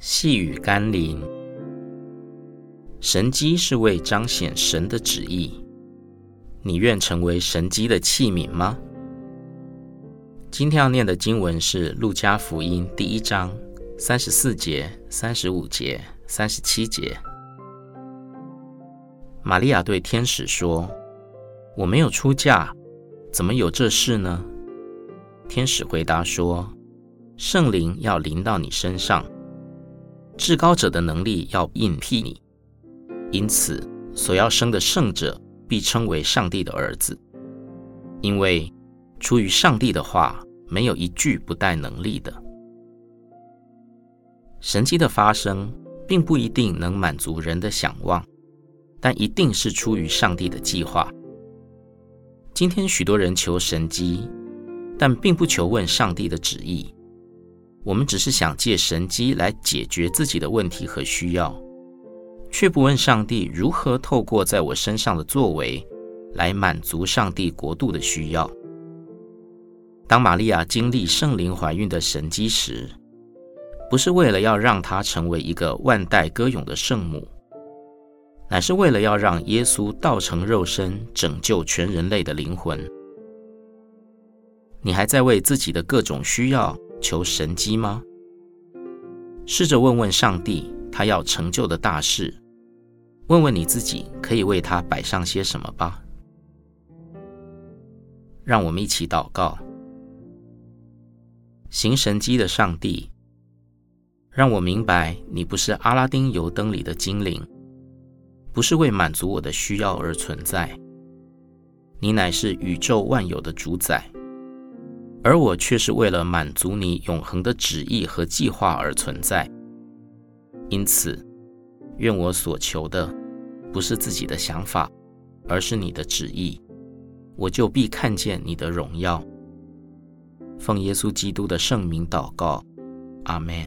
細語甘霖，神蹟是為彰顯神的旨意，你願成為神蹟的器皿嗎？今天要念的經文是《路加福音》第一章三十四節、三十五節、三十七節。瑪利亞對天使說：“我沒有出嫁，怎麼有這事呢？”天使回答說：“聖靈要臨到你身上。”至高者的能力要蔭庇你，因此所要生的聖者必稱為上帝的兒子，因為出於上帝的話，沒有一句不帶能力的。神蹟的發生，並不一定能滿足人的想望，但一定是出於上帝的計劃。今天許多人求神蹟，但並不求問上帝的旨意。我們只是想藉神蹟來解決自己的問題和需要，卻不問上帝如何透過在我身上的作為來滿足上帝國度的需要。當馬利亞經歷聖靈懷孕的神蹟時，不是為了要讓她成為一個萬代歌詠的聖母，乃是為了要讓耶穌道成肉身，拯救全人類的靈魂。你還在為自己的各種需要求神蹟嗎？試着問問上帝，他要成就的大事。問問你自己，可以為他擺上些什麼吧。讓我們一起禱告。行神蹟的上帝，讓我明白，你不是阿拉丁油燈裡的精靈，不是為滿足我的需要而存在。你乃是宇宙萬有的主宰。而我卻是為了滿足你永恆的旨意和計劃而存在，因此，願我所求的，不是自己的想法，而是你的旨意，我就必看見你的榮耀。奉耶穌基督的聖名禱告，阿們。